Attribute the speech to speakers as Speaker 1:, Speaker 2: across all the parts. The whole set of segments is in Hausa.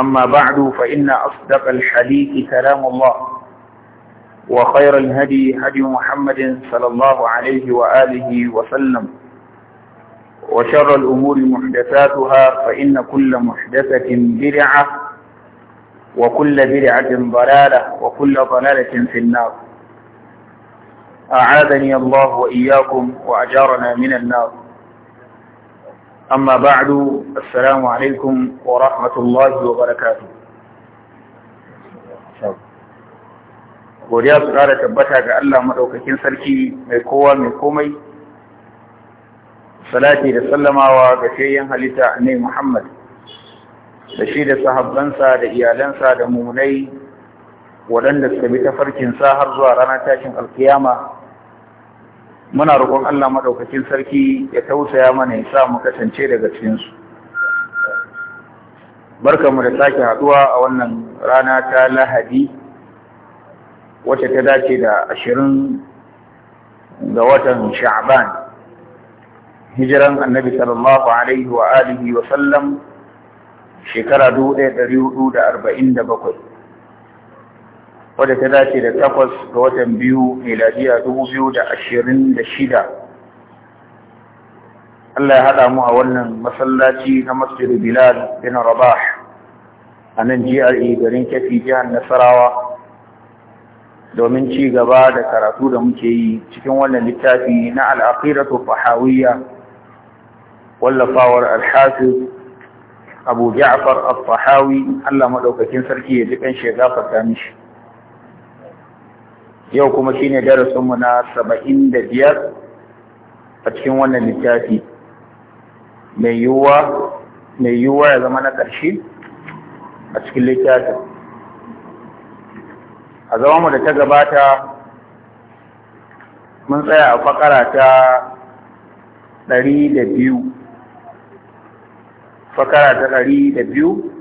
Speaker 1: أما بعد فإن أصدق الحديث كلام الله وخير الهدي هدي محمد صلى الله عليه وآله وسلم وشر الأمور محدثاتها فإن كل محدثة برعة وكل برعة ضلالة وكل ضلالة في النار أعاذني الله وإياكم وأجارنا من النار أما بعد السلام عليكم ورحمة الله وبركاته godiya su ƙara tabbata ga Allah maɗaukakin sarki mai kowa mai komai salati da sallamawa ga shayin halitta ne Muhammad da shi da sahabbansa da iyalansa da mummunai. waɗanda suka bi tafarkinsa har zuwa ranar tashin alkiyama muna roƙon Allah maɗaukakin sarki ya tausaya mana ya sa mu kasance daga cikinsu. Barkanmu da sake haɗuwa a wannan rana ta Lahadi wacce ta dace da ashirin ga watan Sha'ban. Hijiran annabi sallallahu alaihi wa alihi wa sallam shekara dubu ɗaya ɗari hudu da arba'in da bakwai. wadda ta dace da takwas ga watan biyu miladiya dubu biyu da ashirin da shida Allah ya haɗa mu a wannan masallaci na Masjid Bilal bin Rabah a nan GRA garin Kefi jihar Nasarawa domin ci gaba da karatu da muke yi cikin wannan littafi na al'aqiratu fahawiyya wallafawar al Abu Ja'far al-Fahawi Allah madaukakin sarki ya ji kan shi gafarta mishi yau kuma shine darasinmu na saba'in da biyar a cikin wannan littafi mai yiwuwa ya zama na ƙarshe a cikin littafin a mu da ta gabata mun tsaya a fakara ta ɗari da biyu fakara ta ɗari da biyu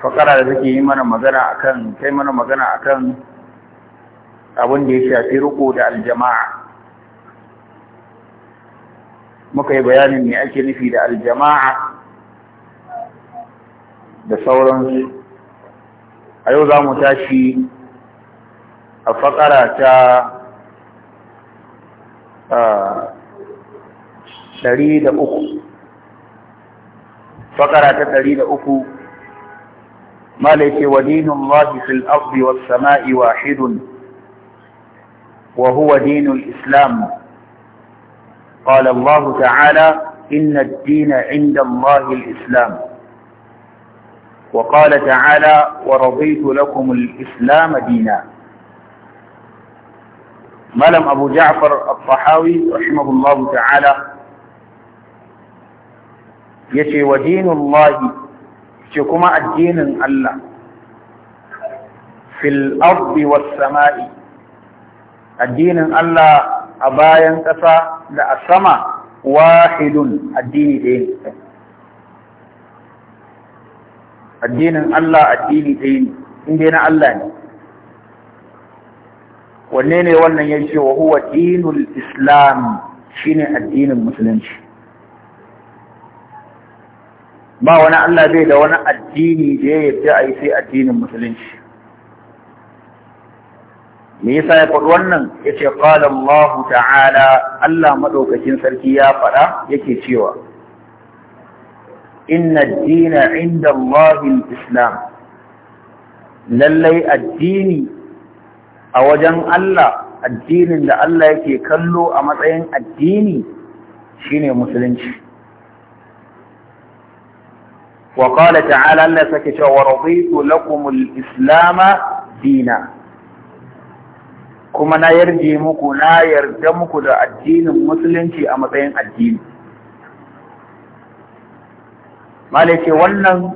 Speaker 1: fakara da take yi mana magana akan kai mana magana akan abin da ya shafi riko da aljama'a muka yi bayanin me ake nufi da aljama'a da sauransu a yau za mu tashi a fakara ta ɗari da uku fakara ta ɗari da uku malaike wa dinin lafi fil wa sana'i wahidun وهو دين الإسلام قال الله تعالى إن الدين عند الله الإسلام وقال تعالى ورضيت لكم الإسلام دينا ملم أبو جعفر الطحاوي رحمه الله تعالى يشي ودين الله شكما الدين الله في الأرض والسماء addinin Allah a bayan ƙasa da a sama wahidun addini ɗaya ne addinin Allah addini ɗaya ne inda na Allah ne wanne ne wannan ya ce wa huwa dinul islam shine addinin musulunci ba wani Allah bai da wani addini da ya yarda a yi sai addinin musulunci me yasa ya faɗi wannan yace qala Allah ta'ala Allah madaukakin sarki ya faɗa yake cewa inna ad-dina 'inda Allah al-islam lallai addini a wajen Allah addinin da Allah yake kallo a matsayin addini shine musulunci wa qala ta'ala Allah sake cewa raditu lakumul islama dina kuma na yarje muku na yarda muku da addinin musulunci a matsayin addini malaike wannan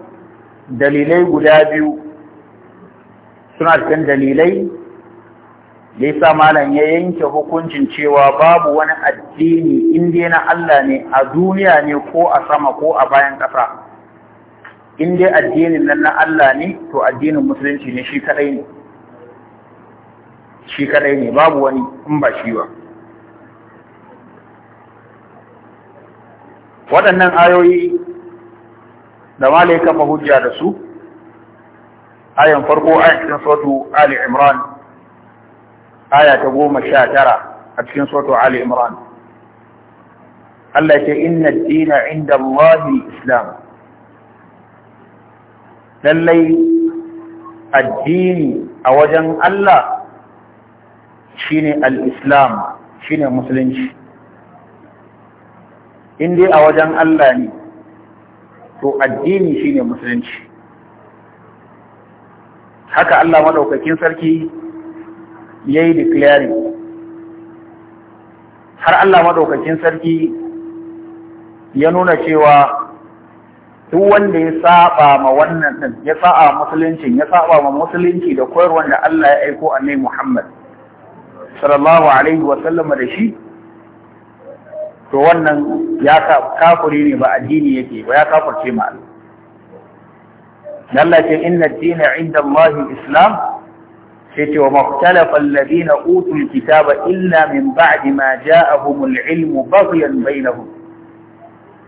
Speaker 1: dalilai guda biyu suna cikin dalilai da yasa malam ya yanke hukuncin cewa babu wani addini in na Allah ne a duniya ne ko a sama ko a bayan ƙasa in dai addinin nan na Allah ne to addinin musulunci ne shi kadai ne shi kadai ne babu wani in ba shi ba waɗannan ayoyi da malai kafa hujja da su ayan farko a cikin sotu ali imran aya ta goma sha tara a cikin sotu ali imran Allah ce inna dina inda Allah islam lallai addini a wajen Allah shine al-islam shine musulunci in dai a wajen Allah ne to addini shine musulunci haka Allah madaukakin sarki yayi declaring har Allah madaukakin sarki ya nuna cewa duk wanda ya saba ma wannan din ya saba musuluncin ya saba ma musulunci da koyarwa da Allah ya aiko annabi Muhammad sallallahu alaihi wa sallama da shi to wannan ya kafuri ne ba addini yake ba ya kafurce ma Allah Allah ce inna ad-dina 'inda Allah islam sai ce wa makhtalafa alladhina utul kitaba illa min ba'di ma ja'ahum al-'ilmu baghyan bainahum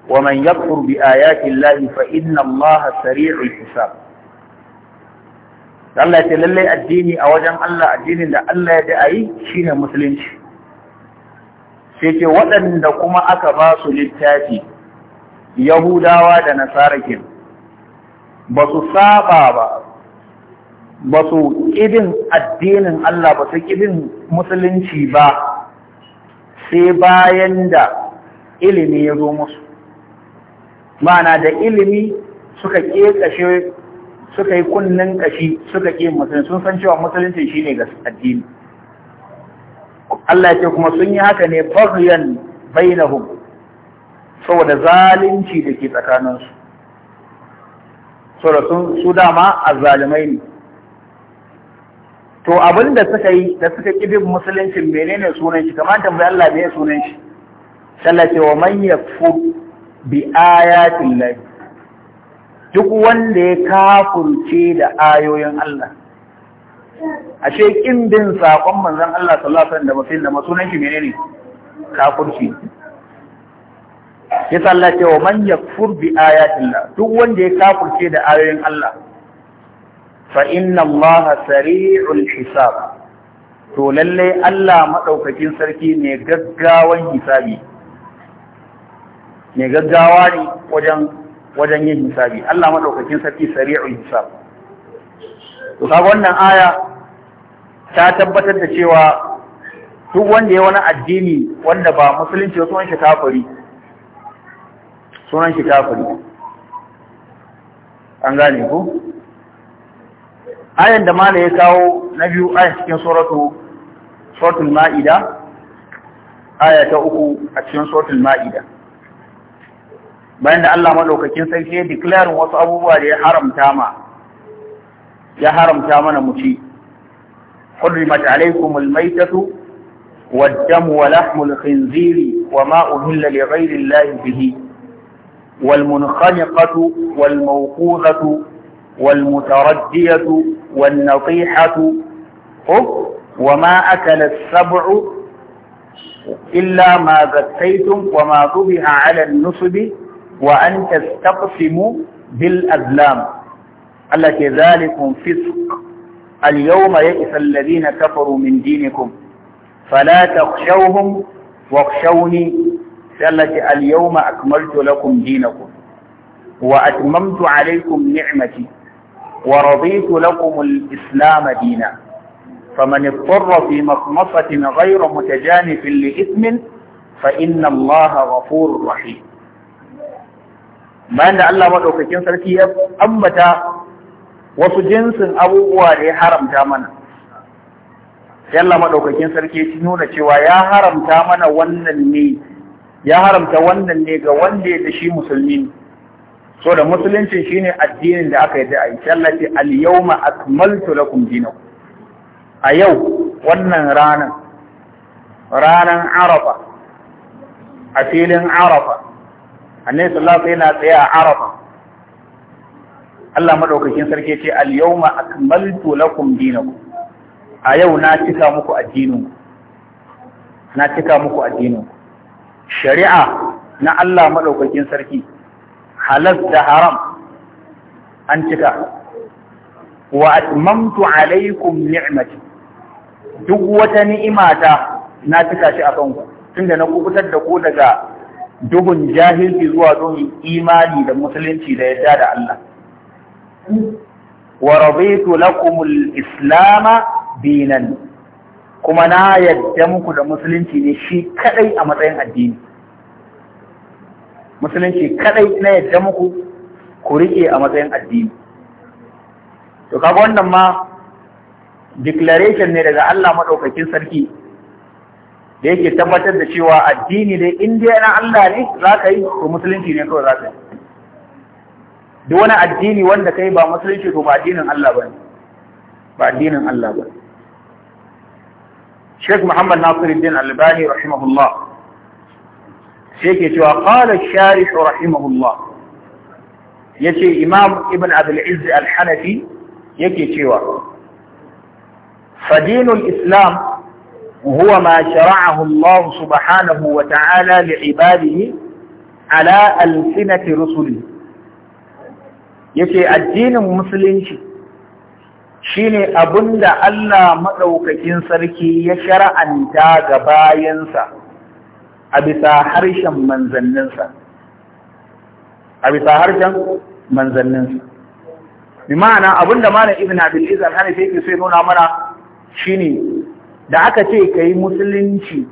Speaker 1: wa man yakfur bi ayati Allah fa inna Allah sari'ul hisab Allah ya ce lallai addini a wajen Allah addinin da Allah ya da ayi shine musulunci sai ce waɗanda kuma aka ba su littafi Yahudawa da nasarakin. ba su saba ba ba su ƙidin addinin Allah ba su ƙidin musulunci ba sai bayan da ilimi ya zo musu ma'ana da ilimi suka ƙeƙashe suka yi kunnen kashi suka ƙi musulunci sun san cewa musulunci ne ga addini Allah ce kuma sun yi haka ne baghyan bainahum saboda zalunci da ke tsakaninsu saboda sun su dama a zalimai ne to abin da suka yi da suka ƙi bin musuluncin menene sunan shi kamar tambayi Allah ne sunan shi sallace wa man yakfur bi ayatin lahi duk wanda ya kafurce da ayoyin Allah ashe kin bin saƙon manzon Allah sallallahu alaihi wasallam da mafil da masunan shi menene kafurci yasa Allah ce wa man yakfur bi Allah duk wanda ya kafurce da ayoyin Allah fa inna Allah sari'ul hisab to lallai Allah maɗaukakin sarki ne gaggawan hisabi ne gaggawa ne wajen wajen yin hisabi Allah madaukakin sarki sari'ul hisab to kaga wannan aya ta tabbatar da cewa duk wanda ya wani addini wanda ba musulunci ba sunan shi kafiri sunan shi kafiri an gane ku ayan da mala ya kawo na biyu aya cikin suratu suratul ma'ida aya ta uku a cikin suratul ma'ida bayan da Allah madaukakin sarki ya declaring wasu abubuwa da ya haramta ma ya haramta mana mu ci حرمت عليكم الميتة والدم ولحم الخنزير وما أهل لغير الله به والمنخنقة والموقوذة والمتردية والنطيحة وما أكل السبع إلا ما ذكيتم وما ذبح على النصب وأن تستقسموا بالأزلام ألا كذلك فسق اليوم يئس الذين كفروا من دينكم فلا تخشوهم واخشوني سألة اليوم أكملت لكم دينكم وأتممت عليكم نعمتي ورضيت لكم الإسلام دينا فمن اضطر في مخمصة غير متجانف لإثم فإن الله غفور رحيم bayan da Allah maɗaukakin sarki ya ambata wasu jinsin abubuwa da ya haramta mana sai Allah maɗaukakin sarki ya nuna cewa ya haramta mana wannan ne ya haramta wannan ne ga wanda ya shi musulmi so da musulunci shine addinin da aka yi da yi Allah ce al-yawma akmaltu lakum dinakum a yau wannan ranan ranan arafa a filin arafa annabi sallallahu yana tsaye a arafa Allah madaukakin sarki ce al yawma akmaltu lakum dinakum a yau na cika muku addinin na cika muku addinin shari'a na Allah madaukakin sarki halal da haram an cika wa atmamtu alaikum ni'mati duk wata ni'imata na cika shi a ku tunda na kubutar da ku daga duhun jahilci zuwa duhun imani da musulunci da yadda da Allah wa raditu lakumul islama dinan kuma na yadda muku da musulunci ne shi kadai a matsayin addini musulunci kadai na yadda muku ku riƙe a matsayin addini to kaga wannan ma declaration ne daga Allah maɗaukakin sarki da yake tabbatar da cewa addini dai indiya na Allah ne za ka yi ko musulunci ne kawai za ka yi duk wani addini wanda kai ba musulunci ko ba addinin Allah ba ba addinin Allah ba Sheikh Muhammad Nasiruddin Albani rahimahullah sai yake cewa qala sharih rahimahullah yace Imam Ibn Abdul Izz Al-Hanafi yake cewa fadinul Islam وهو ما شرعه الله سبحانه وتعالى لعباده على ألسنة رسله yake addinin musulunci shine abinda Allah maɗaukakin sarki ya shara'anta ga bayansa a bisa harshen manzanninsa a bisa harshen manzanninsa bi ma'ana abinda malam ibn Abdul Aziz al-Hanafi yake sai nuna mana shine da aka ce ka yi musulunci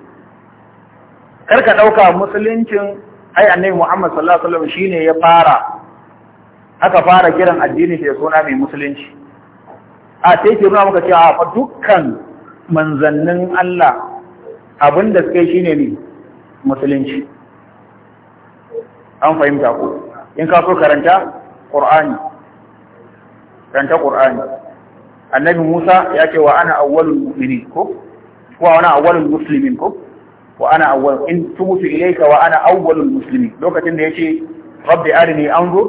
Speaker 1: karka ɗauka musuluncin ai annabi Muhammad sallallahu alaihi wasallam shine ya fara aka fara kiran addini da suna mai musulunci a sai ke nuna maka cewa fa dukkan manzannin Allah abin da suka yi shine ne musulunci an fahimta ko in ka so karanta Qur'ani karanta Qur'ani annabi Musa ya ce wa ana awwalul mu'minin ko ko ana awwalul muslimin ko wa ana awwal in tumutu ilayka wa ana awwalul muslimin lokacin da yace rabbi arini anzur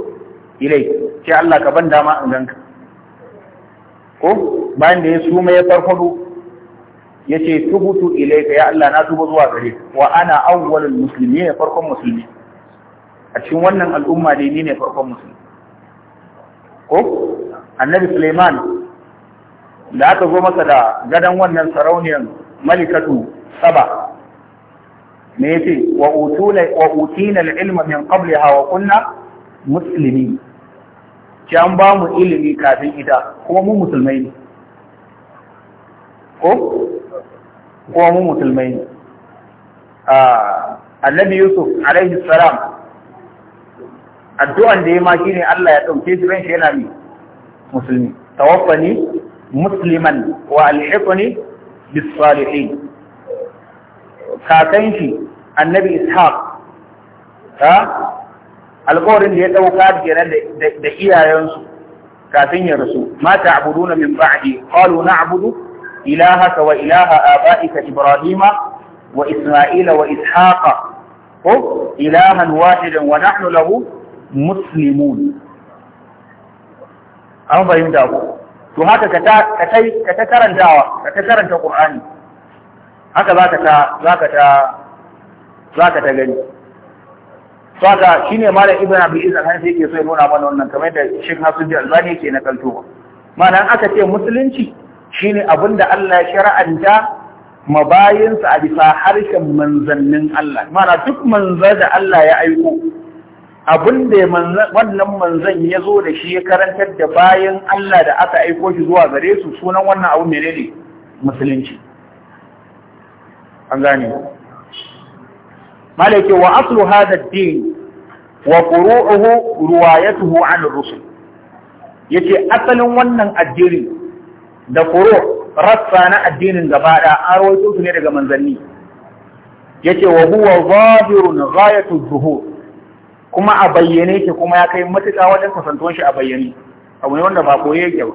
Speaker 1: ilayk ce Allah ka ban dama in ganka ko bayan da ya suma ya farfado yace tubutu ilayka ya Allah na tuba zuwa gare wa ana awwalul muslimin ya farkon musulmi a cikin wannan al'umma dai ni ne farkon musulmi ko annabi Sulaiman da aka zo masa da gadon wannan sarauniyar malikatu saba me yace wa utula wa utina al-ilma min qabliha wa kunna muslimin ci an ba mu ilimi kafin ita kuma mu musulmai ne ko kuma mu musulmai ne annabi yusuf alaihi salam addu'an da ya ma shine Allah ya dauke shi ran shi yana ni musulmi tawaffani musliman wa shi annabi ishaq ha alƙawarin ya dauka kenan da iyayensu kafin ya rasu ma ta'buduna min ba'di qalu na'budu ilahaka wa ilaha aba'ika ibrahima isma'ila wa ishaqa ko wa lahu to haka ka ta ka ta karantawa ka ta karanta Qur'ani haka zaka ta zaka ta zaka ta gani to haka shine malam Ibn Abi Isa kan sai yake so ya nuna mana wannan kamar da hasu Nasiruddin Albani yake na kaltowa ma'ana aka ce musulunci shine abinda Allah ya shar'anta mabayinsa a bisa harshen manzannin Allah ma'ana duk manzo da Allah ya aiko abin da wannan manzan ya zo da shi ya karantar da bayan Allah da aka aiko shi zuwa gare su sunan wannan abu mere ne musulunci an gane malaki wa aslu hadha din wa furu'uhu riwayatuhu 'an rusul yace asalin wannan addini da furu' rassa na addinin gaba da an rawaito su ne daga manzanni yace wa huwa zahirun ghayatu dhuhur kuma a bayyane ke kuma ya kai matuƙa wajen kasantuwan shi a bayyane abu ne wanda ba koye yake ba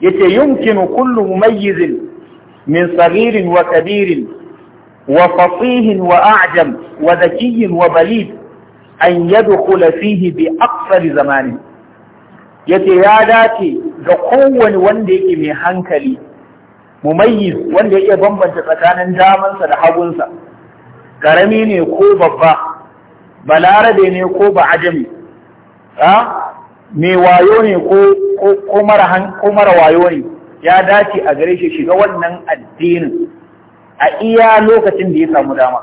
Speaker 1: yace yumkinu kullu mumayyizin min saghirin wa kabirin wa fasihin wa a'jam wa zakiyin wa balid an kula fihi bi aksari zamani yace ya dace ga kowane wanda yake mai hankali mumayyiz wanda yake bambanta tsakanin damansa da hagunsa karami ne ko babba balarabe ne ko ba ajami a me wayo ne ko mara wayo ne ya dace a gare shi shiga wannan addinin a iya lokacin da ya samu dama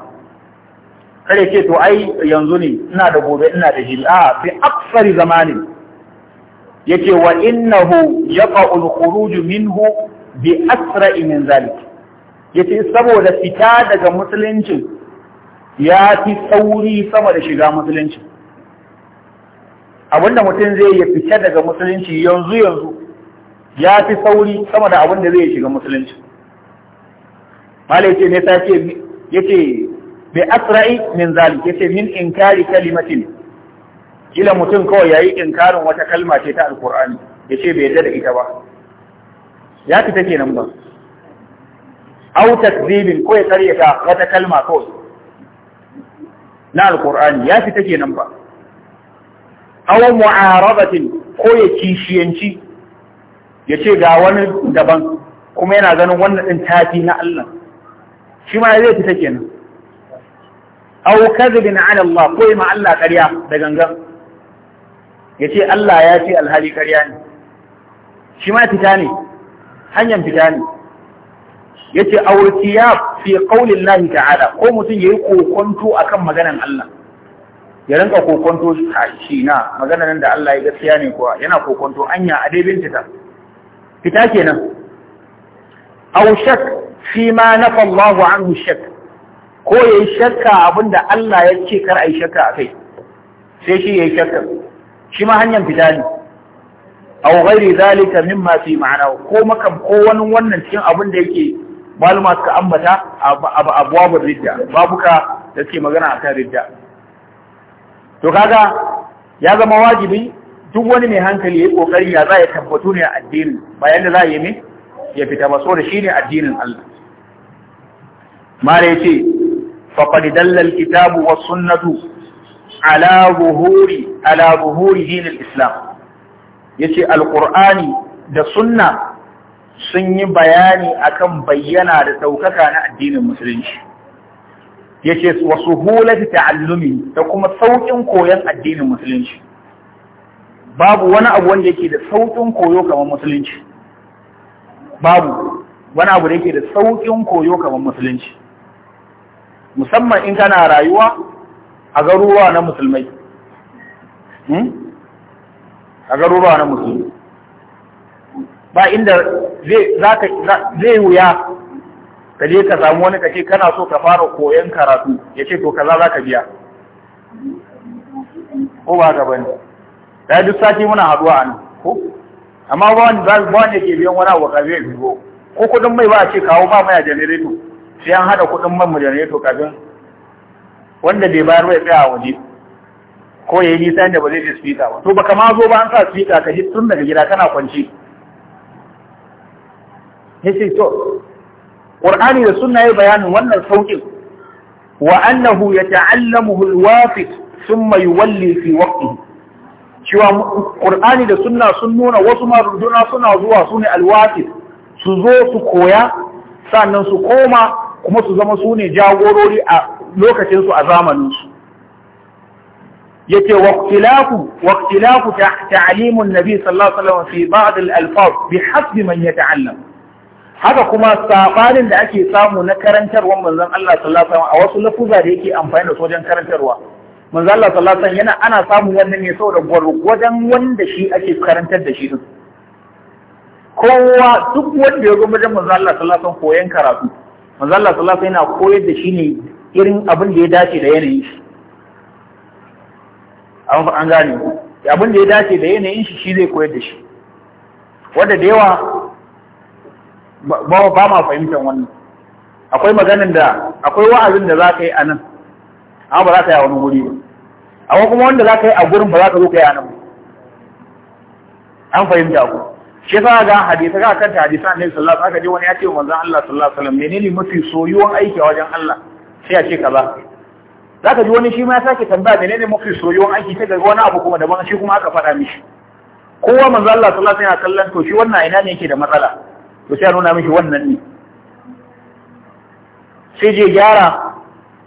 Speaker 1: kare ce to ai yanzu ne ina da gobe ina da jibi a fi aksari zamanin yake wa innahu yaqa'ul khuruj minhu bi asra'i min zalik yace saboda fita daga musuluncin ya fi tsauri sama da shiga musulunci abinda mutum zai yi fice daga musulunci yanzu yanzu ya fi tsauri sama da abinda zai shiga musulunci malai ce ne ta ce yace bi asra'i min ya yace min inkari kalimatin ila mutum kawai yayi inkarin wata kalma ce ta ya ce bai yarda da ita ba ya fita kenan ba Autar zibin ko ya karyata wata kalma kawai na alkur'ani ya fita kenan ba aw mu'arabatin ko ya kishiyanci ya ce ga wani daban kuma yana ganin wannan din tafi na Allah shi ma zai fita nan. aw kadhibin 'ala Allah ko ma Allah ƙarya da gangan ya ce Allah ya ce alhali ƙarya ne shi ma fita ne hanyar fita ne ya ce aw tiyab fi qaulin lahi ta'ala ko mutum ya yayi kokonto kan maganan Allah ya rinka kokonto shi na maganar nan da Allah ya gaskiya ne kuwa yana kokonto anya a dai bincika fita kenan aw shak fi ma nafa Allah anhu shak ko ya yi shakka abinda Allah ya ce kar a yi shakka akai sai shi yayi shakka shi ma hanyar fita ne aw ghairi zalika mimma fi ma'ana ko makan ko wani wannan cikin abin da yake maluma suka ambata abubuwan ridda babuka da suke magana a kan ridda to kaga ya zama wajibi duk wani mai hankali ya yi kokari ya za ya tabbatu ne a addinin bayan da za ya yi ya fita ba so da shi ne addinin Allah mara ya ce faƙaɗi dallar kitabu wa sunnatu ala zuhuri ala zuhuri dinin islam ya ce alƙur'ani da sunna sun yi bayani akan bayyana da ɗaukaka na addinin musulunci yace wa suhulati ta'allumi da kuma saukin koyon addinin musulunci babu wani abu wanda yake da saukin koyo kamar musulunci babu wani abu da yake da saukin koyo kamar musulunci musamman in kana rayuwa a garuruwa na musulmai hmm? a garuruwa na musulmai ba inda zai wuya ka je ka samu wani kake kana so ka fara koyon karatu ya ce to kaza za ka biya ko ba ka bane da duk sati muna haduwa a ko amma ba wani ba wani ke biyan wani abu zai ya biyo ko kudin mai ba a ce kawo ba mai a janareto sai an hada kudin man mu janareto kafin wanda bai bayar ya tsaya a waje ko ya yi nisa da ba zai je speaker ba to baka ma zo ba an sa speaker ka ji tun daga gida kana kwance yace to Qur'ani da sunna yayi bayanin wannan saukin wa annahu yata'allamuhu al thumma yuwalli fi waqtihi cewa Qur'ani da sunna sun nuna wasu maruduna suna zuwa su ne al su zo su koya sannan su koma kuma su zama su ne jagorori a lokacin su a zamanin su yake waqtilaku waqtilaku ta'limun nabi sallallahu alaihi wasallam fi ba'd al-alfaz bi hasbi man yata'allam haka kuma sabanin da ake samu na karantarwar manzon Allah sallallahu alaihi wasallam a wasu lafuza da yake amfani da su wajen karantarwa manzon Allah sallallahu alaihi wasallam yana ana samun wannan ne saboda gwargwadon wanda shi ake karantar da shi din kowa duk wanda ya zo wajen manzon Allah sallallahu alaihi wasallam koyon karatu manzon Allah sallallahu alaihi wasallam yana koyar da shi ne irin abin da ya dace da yanayin shi an gane abin da ya dace da yanayin shi shi zai koyar da shi wanda da yawa ba ma fahimtar wannan akwai maganin da akwai wa'azin da za ka yi a amma ba za ka yi a wani wuri ba amma kuma wanda za ka yi a gurin ba za ka zo ka yi ba an fahimta ku shi yasa ga hadisi ga kanta hadisi annabi sallallahu alaihi wasallam wani ya ce manzon Allah sallallahu alaihi wasallam menene mafi soyuwan aiki a wajen Allah sai ya ce kaza zaka ji wani shi ma ya sake tambaya menene mafi soyuwan aiki ta ga wani abu kuma daban shi kuma aka faɗa mishi kowa manzon Allah sallallahu alaihi wasallam kallon to shi wannan ina ne yake da matsala to sai nuna mishi wannan ne sai je gyara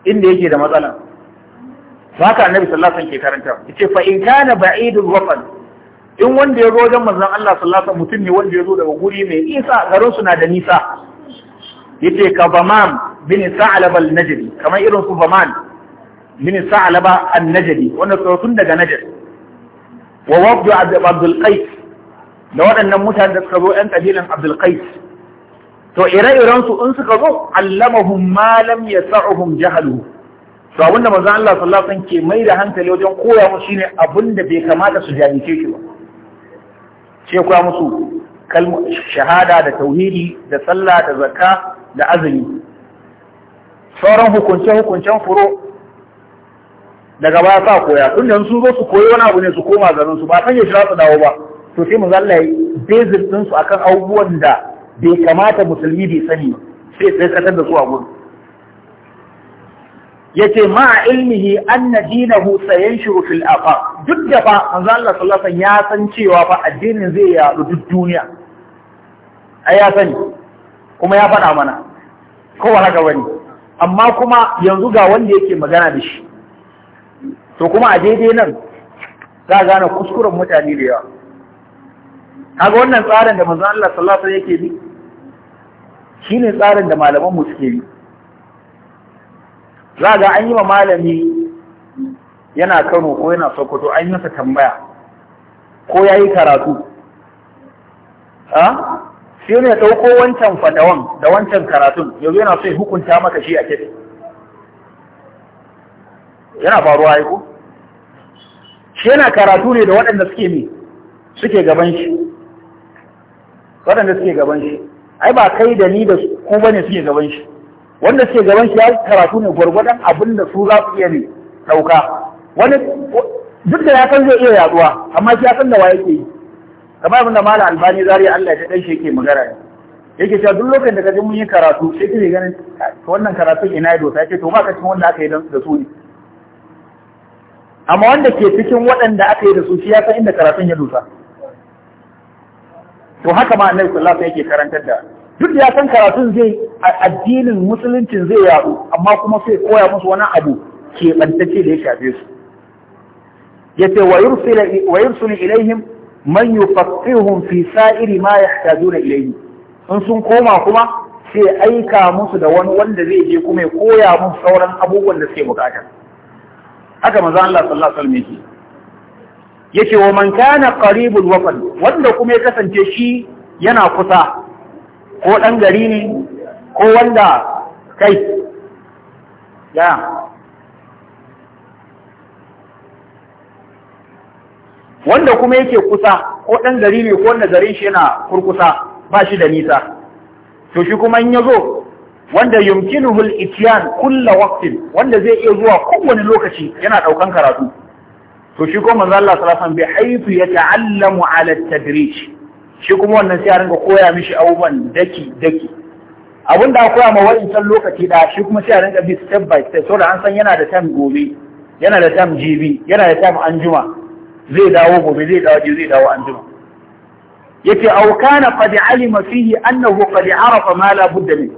Speaker 1: inda yake da matsala haka annabi sallallahu alaihi wasallam ke karanta yace fa in kana ba'idul wafan in wanda ya zo wajen manzon Allah sallallahu alaihi wasallam mutum ne wanda ya zo daga guri mai isa garin su na da nisa yace ka bamam bin sa'lab al-najdi kamar irin su baman bin sa'lab al-najdi wanda tsoron daga najd wa wabdu abdul qais da waɗannan mutane da suka zo ‘yan ƙabilan Abdulkais. To, ire-irensu in suka zo, allamahum malam ya sa'uhum jahalu. To, abin da maza Allah sallallahu alaihi ke mai da hankali wajen koya musu shine abin da bai kamata su jahilce shi ba. Ce koya musu shahada da tauhidi da sallah da zakka da azumi. Sauran hukunce-hukuncen furo daga baya sa koya, tun da sun zo su koyi wani abu ne su koma garin su ba san ya shi za dawo ba. to sai mu zalla yi bezir din su akan abubuwan da bai kamata musulmi bai sani sai sai katar da su a gudu yace ma ilmihi anna dinahu sayanshuru fil afaq duk da fa manzo Allah sallallahu alaihi wasallam ya san cewa fa addinin zai yaɗu duk duniya ai ya sani kuma ya faɗa mana wala ga wani amma kuma yanzu ga wanda yake magana da shi to kuma a daidai nan za a gane kuskuren mutane da yawa kaga wannan tsarin da manzon Allah sallallahu alaihi yake bi shine tsarin da malaman mu suke bi za ga an yi wa malami yana Kano ko yana Sokoto an yi masa tambaya ko yayi karatu ha Shi ne dauko wancan fadawan da wancan karatun yanzu yana so ya hukunta maka shi a kete yana faruwa ai ko shi yana karatu ne da waɗanda suke mi suke gaban shi waɗanda suke gaban shi ai ba kai da ni da ku bane suke gaban shi wanda suke gaban shi ya karatu ne gwargwadon abin da su za su iya ne ɗauka wani duk da ya san zai iya yaduwa amma shi ya san da wa yake yi kamar abin da malam albani zari Allah ya dan shi yake magana ne yake cewa duk lokacin da kaje mun yi karatu sai kike ganin wannan karatun ina ya dosa yake to ba ka cikin wanda aka yi da su ne amma wanda ke cikin waɗanda aka yi da su shi ya san inda karatun ya dosa to haka ma annabi sallallahu alaihi yake karantar da duk ya san karatun zai addinin musuluncin zai yaɗu amma kuma sai koya musu wani abu ke bantacce da ya shafe su yace wa yursila wa yursulu ilaihim man yufaqqihum fi sa'iri ma yahtajuna ilayhi in sun koma kuma sai aika musu da wani wanda zai je kuma ya koya musu sauran abubuwan da suke bukata haka manzo Allah sallallahu alaihi wasallam yake yake wa man kana qaribul watan wanda kuma ya kasance shi yana kusa ko dan gari ne ko wanda kai ya wanda kuma yake kusa ko dan gari ne ko wanda garin shi yana kurkusa ba shi da nisa to shi kuma in yazo wanda yumkinuhu al-ityan kull waqtin wanda zai iya zuwa kowane lokaci yana daukan karatu to shi kuma manzo Allah sallallahu alaihi wasallam bi haythu yata'allamu ala at-tadrij shi kuma wannan sai a ringa koya mishi abubuwan daki daki abin da akwai ma wa'incan lokaci da shi kuma sai a ringa bi step by step saboda an san yana da time gobe yana da time jibi yana da time anjuma zai dawo gobe zai dawo jibi zai dawo anjuma yace aw kana qad alima fihi annahu qad arafa ma la budda min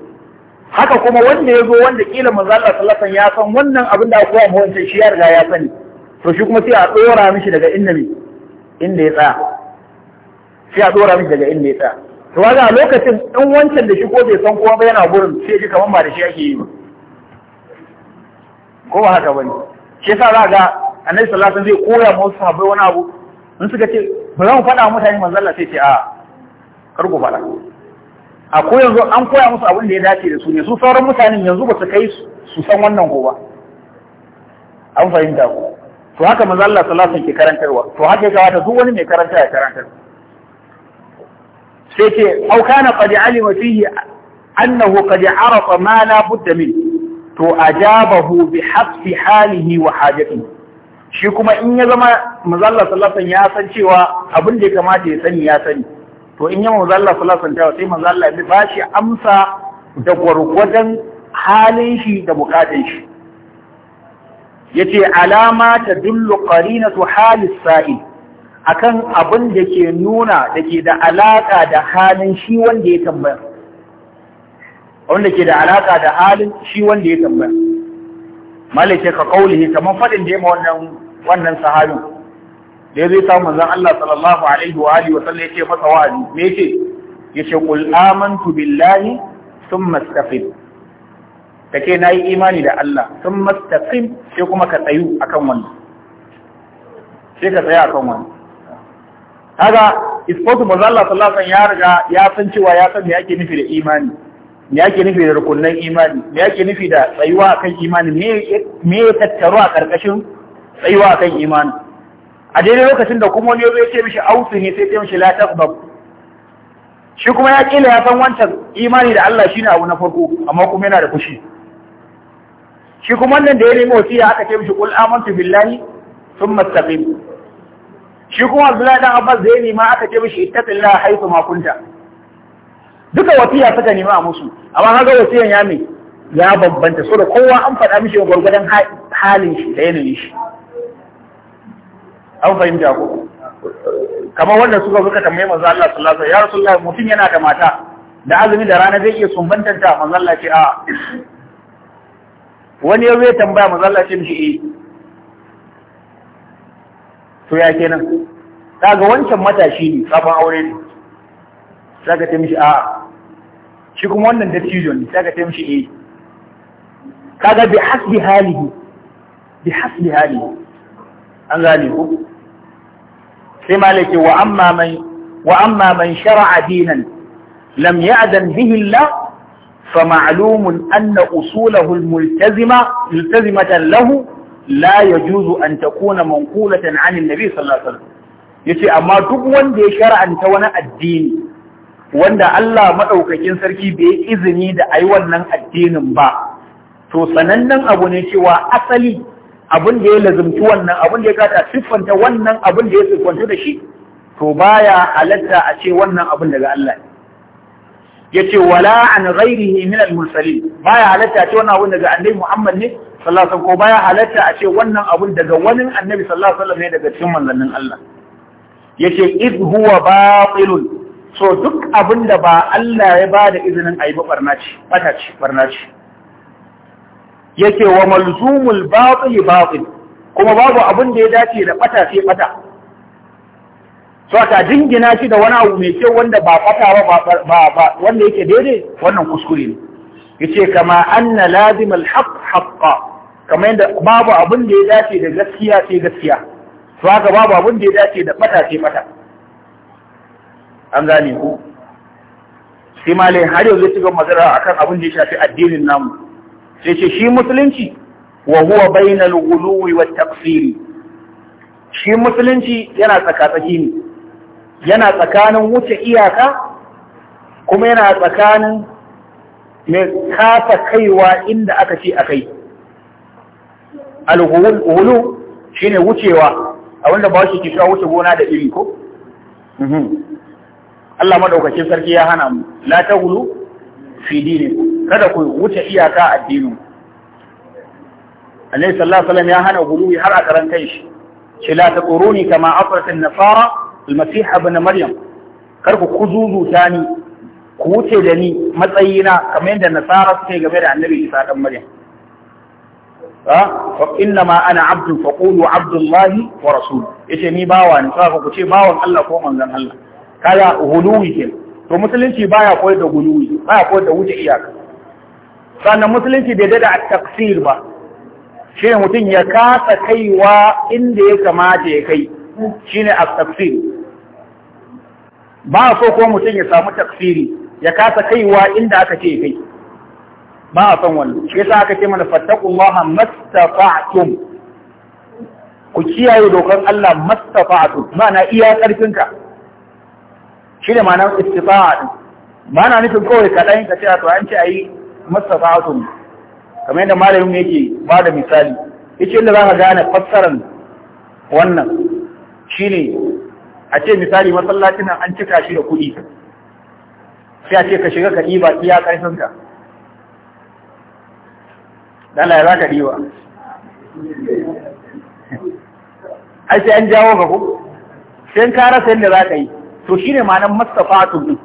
Speaker 1: haka kuma wanda yazo wanda kila manzo Allah sallallahu alaihi wasallam ya san wannan abin da akwai ma wani shi ya riga ya sani to shi kuma sai a ɗora mishi daga inda inda ya tsaya sai a ɗora mishi daga inda ya tsaya to kaga a lokacin in wancan da shi ko bai san kowa ba yana gurin sai ji kamar ba da shi ake yi ba ko ba haka bane shi yasa za ga annabi sallallahu alaihi wasallam zai koya musu sabai wani abu in suka ce ba zan faɗa mutane manzo Allah sai ce a kar ku faɗa a ko yanzu an koya musu abin da ya dace da su ne su sauran mutanen yanzu ba su kai su san wannan ko ba an fahimta ku to haka manzo Allah sallallahu alaihi wasallam ke karantarwa to haka ga wata duk wani mai karanta ya karantar sai ce au kana qad alima fihi annahu qad arafa ma la budda min to ajabahu bi hasbi halihi wa hajatihi shi kuma in ya zama manzo Allah sallallahu alaihi wasallam ya san cewa abin da ya kamata ya sani ya sani to in ya manzo Allah sallallahu alaihi wasallam sai manzo Allah ya bashi amsa da gwargwadon halin shi da bukatun shi yace alama ta dullu qarinatu halis sa'il akan abin da ke nuna da ke da alaka da halin shi wanda ya tambaya wanda ke da alaka da halin shi wanda ya tambaya malaka ka kaulihi kamar fadin da ya ma wannan wannan sahabi da ya zai samu manzon Allah sallallahu alaihi wa alihi wa sallam yace masa wa'azi me yace yace qul amantu billahi thumma istaqim ka ce na yi imani da Allah sun mastaƙin sai kuma ka tsayu a kan wani sai ka tsaya a kan wani haka isfotu mazalla sallallahu ya riga ya san cewa ya san me yake nufi da imani me yake nufi da rukunnan imani me yake nufi da tsayuwa akan imani me ya tattaru a karkashin tsayuwa akan imani a daidai lokacin da kuma wani ya ce mishi Autu ne sai ce mishi la taqbab shi kuma ya kila ya san wancan imani da Allah shine abu na farko amma kuma yana da fushi shi kuma nan da ya nemi wasiya aka ce mishi qul amantu billahi thumma taqim shi kuma Abdullahi dan Abbas da ya nemi aka ce mishi ittaqillaha haythu ma kunta duka wasiya suka nema a musu amma kaga wasiyan ya me ya bambanta so da kowa an faɗa mishi gwargwadon halin shi da yanayin shi an fahimta ko kamar wanda suka suka tambaye manzo Allah sallallahu alaihi wasallam ya rasulullahi mutum yana da mata da azumi da rana zai iya sumbantanta manzo Allah ce a wani ya zai tambaya manzo Allah ce mishi eh to ya kenan kaga wancan matashi ne sabon aure ne saka ta mishi a shi kuma wannan dattijo ne saka ta mishi eh kaga bi hasbi halihi bi hasbi halihi an gane ku sai malaki wa amma man wa amma man shar'a dinan lam ya'dan bihi Allah فمعلوم أن أصوله الملتزمة ملتزمة له لا يجوز أن تكون منقولة عن النبي صلى الله عليه وسلم yace amma duk wanda ya shar'anta wani addini wanda Allah madaukakin sarki bai izini da ai wannan addinin ba to sanannen abu ne cewa asali abin da ya lazumci wannan abin da ya kata siffanta wannan abin da ya siffanta da shi to baya halatta a ce wannan abin daga Allah ne yace wala an ghairihi min al-mursalin baya halatta ce wannan abun daga annabi Muhammad ne sallallahu alaihi wasallam ko baya halatta a ce wannan abun daga wani annabi sallallahu alaihi wasallam ne daga cikin manzannin Allah yace id huwa batilun so duk abin da ba Allah ya ba da izinin ayi ba barna ce bata ce barna ce yake wa malzumul batil batil kuma babu abin da ya dace da bata sai bata so ta jingina shi da wani abu mai kyau wanda ba fata ba ba wanda yake daidai wannan kuskure ne yace kama anna lazim alhaq haqqa kamar yadda babu abin da ya dace da gaskiya sai gaskiya to haka babu abin da ya dace da fata sai fata an gane ku sai malai har yanzu cikin magana akan abin da ya shafi addinin namu sai ce shi musulunci wa huwa bainal ghuluwi wat taqsiri shi musulunci yana tsakatsaki ne yana tsakanin wuce iyaka kuma yana tsakanin mai kafa kaiwa inda aka ce a kai alhulu shi ne wucewa a wanda ba shi kishiwa wuce gona da iri ko? Mhm. Allah maɗaukacin sarki ya hana mu la ta hulu fi dinin kada ku wuce iyaka a dinin Allah sallallahu alaihi wasallam ya hana hulu har a karan kai shi shi la ta tsoroni kama afratin nasara المسيح ابن مريم karku kuzuzuta ni ku wuce da ni matsayina kamar yadda nasara suke game da annabi isa dan maryam fa inna ma ana abdu fa qulu abdullahi wa rasul yace ni bawa ne saka ku ce bawan Allah ko manzon Allah kaga huluwi ke to musulunci baya koyar da huluwi baya koyar da wuce iyaka sannan musulunci bai dada a taksir ba shi mutum ya kasa kaiwa inda ya kamata ya kai shine a tafsir ba a so kuma mutum ya samu tafsiri ya kasa kaiwa inda aka ce kai ba a son wannan shi yasa aka ce mana fattaqullaha mastata'tum ku kiyaye dokan Allah mastata'tum mana iya karfin ka shi ne ma'anar istifa'a din ba na nufin kawai kaɗan ka ce to an ce ayi mastata'tum kamar yadda malamin yake ba da misali yace inda za ka gane fassarar wannan shine a ce misali masallacin nan an cika shi da kuɗi sai a ce ka shiga ka ɗiba iya ƙarfinka dala za ka ɗiba ai sai an jawo ka ku sai ka rasa yadda za ka yi to shi ne ma'anar mastafatun ɗin